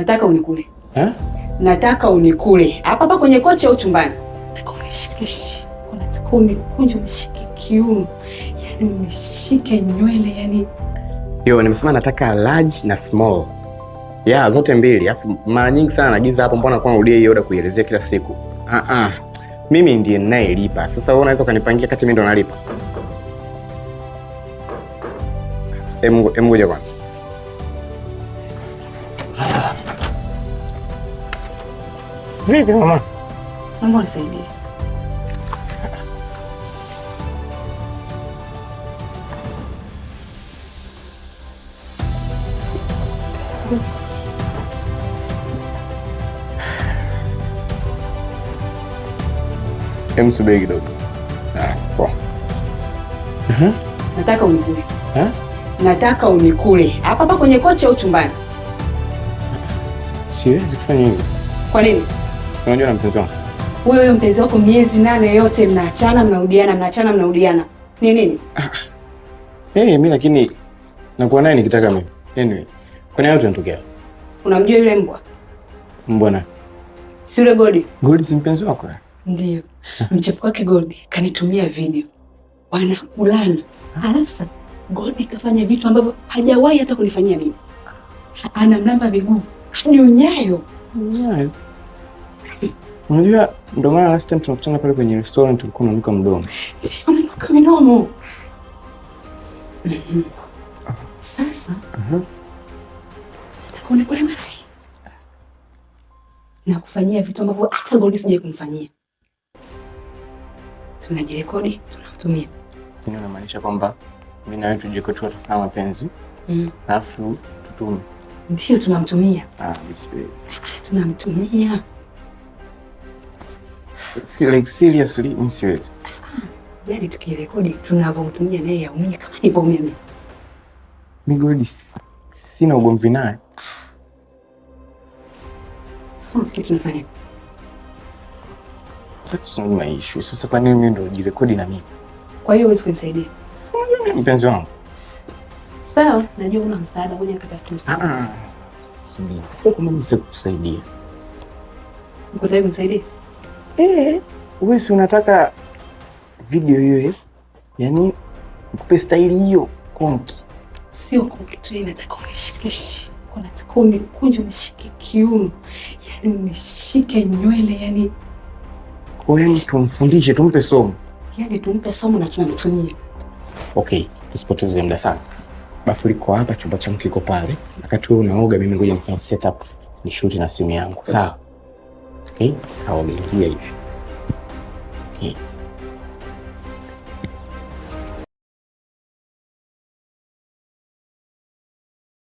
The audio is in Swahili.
Nataka unikule eh? Nataka unikule hapa hapa kwenye kochi au chumbani. Nataka unishikishi. nataka unikunje, unishike kiuno, Yaani unishike nywele, yani yo, nimesema nataka large na small ya yeah, zote mbili, alafu mara nyingi sana nagiza hapo. Mbona kwa ulie hiyo oda kuielezea kila siku? Ah ah. Mimi ndiye ninayelipa sasa, wewe unaweza ukanipangia kati, mimi ndo nalipa. Emu ngoja kwanza. Vipi mama? Naomba unisaidie. Msubiri kidogo. Ah, Nataka unikule. Nataka unikule hapa hapa kwenye kocha au chumbani? Siwezi kufanya hivyo. Kwa nini? Unajua na mpenzi wangu wewe, huyo mpenzi wako miezi nane yote mnaachana, mnarudiana, mnaachana, mnarudiana, ni nini? Ah, ah. hey, mi lakini nakuwa naye nikitaka mimi. Anyway, kwani hayo tunatokea. Unamjua yule mbwa mbwa na si yule Godi? Godi si mpenzi wako? Ndio ah. mchepuko wake Godi kanitumia video wanakulana, alafu sasa Godi kafanya vitu ambavyo hajawahi hata kunifanyia mimi, anamlamba miguu hadi unyayo, unyayo. Unajua, ndio maana last time tunakutana pale kwenye restaurant ulikuwa unanuka mdomo. Unanuka mdomo. Sasa nitakuona kule mara hii na kufanyia vitu ambavyo hata Gold sije kumfanyia. Tunajirekodi, tunamtumia. Hii inamaanisha kwamba mimi na wewe tujikotoa, tutafanya mapenzi mm. alafu tutume. Ndio tunamtumia. Ah, ah tunamtumia Like seriously, msiwezi. Yaani tukirekodi tunavyomtumia naye yaumia kama nipo mimi. Migodi sina ugomvi naye. Sasa kitu That's not my issue. Sasa kwa nini mimi ndo jirekodi na mimi? Kwa hiyo huwezi kunisaidia. Sio mpenzi wangu. Sawa, najua una msaada, ngoja nikatafuta msaada. Ah ah. Sio kama mimi sitakusaidia. Uko tayari kunisaidia? Eh, wewe si unataka video hiyo? Eh? Yaani nikupe staili hiyo konki? Sio konki tu, inataka yaani unishikishe, unataka unikunje, unishike kiuno, yaani unishike nywele, yani kwani tumfundishe, tumpe somo, yaani tumpe somo na tunamtumia. Okay, tusipoteze muda sana. Bafu liko hapa, chumba changu kiko pale. Wakati wewe unaoga, mimi ngoja nifanye setup, ni shoot na simu yangu, sawa? ok? Calma aí, e aí?